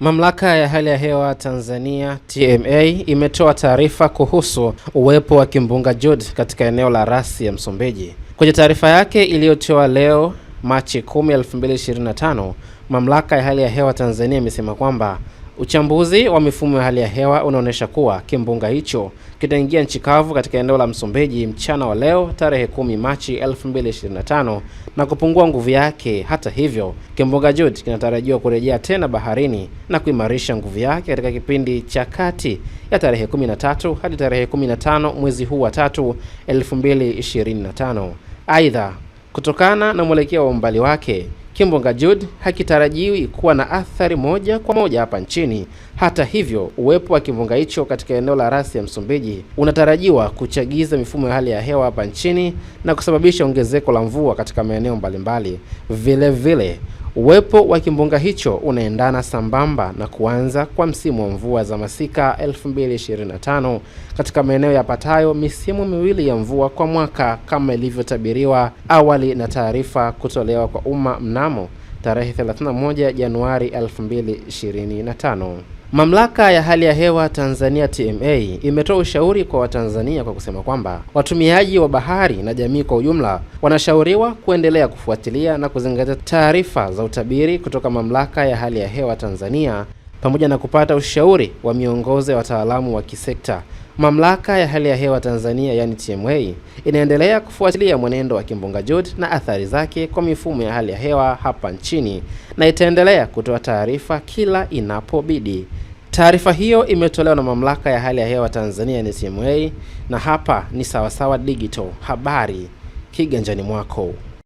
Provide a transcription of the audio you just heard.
Mamlaka ya hali ya hewa Tanzania TMA imetoa taarifa kuhusu uwepo wa kimbunga Jude katika eneo la rasi ya Msumbiji. Kwenye taarifa yake iliyotoa leo Machi 10, 2025, mamlaka ya hali ya hewa Tanzania imesema kwamba Uchambuzi wa mifumo ya hali ya hewa unaonyesha kuwa kimbunga hicho kitaingia nchi kavu katika eneo la Msumbiji mchana wa leo tarehe 10 Machi 2025 na kupungua nguvu yake. Hata hivyo, kimbunga Jude kinatarajiwa kurejea tena baharini na kuimarisha nguvu yake katika kipindi cha kati ya tarehe 13 hadi tarehe 15 mwezi huu wa tatu 2025. Aidha, kutokana na mwelekeo wa umbali wake kimbunga Jude hakitarajiwi kuwa na athari moja kwa moja hapa nchini. Hata hivyo, uwepo wa kimbunga hicho katika eneo la rasi ya Msumbiji unatarajiwa kuchagiza mifumo ya hali ya hewa hapa nchini na kusababisha ongezeko la mvua katika maeneo mbalimbali. Vilevile Uwepo wa kimbunga hicho unaendana sambamba na kuanza kwa msimu wa mvua za masika 2025 katika maeneo yapatayo misimu miwili ya mvua kwa mwaka kama ilivyotabiriwa awali na taarifa kutolewa kwa umma mnamo tarehe 31 Januari 2025. Mamlaka ya hali ya hewa Tanzania TMA imetoa ushauri kwa Watanzania kwa kusema kwamba watumiaji wa bahari na jamii kwa ujumla wanashauriwa kuendelea kufuatilia na kuzingatia taarifa za utabiri kutoka Mamlaka ya hali ya hewa Tanzania pamoja na kupata ushauri wa miongozo ya wataalamu wa kisekta. Mamlaka ya hali ya hewa Tanzania yani TMA inaendelea kufuatilia mwenendo wa kimbunga Jude na athari zake kwa mifumo ya hali ya hewa hapa nchini na itaendelea kutoa taarifa kila inapobidi. Taarifa hiyo imetolewa na Mamlaka ya Hali ya Hewa Tanzania NTMA, na hapa ni Sawasawa Digital, habari kiganjani mwako.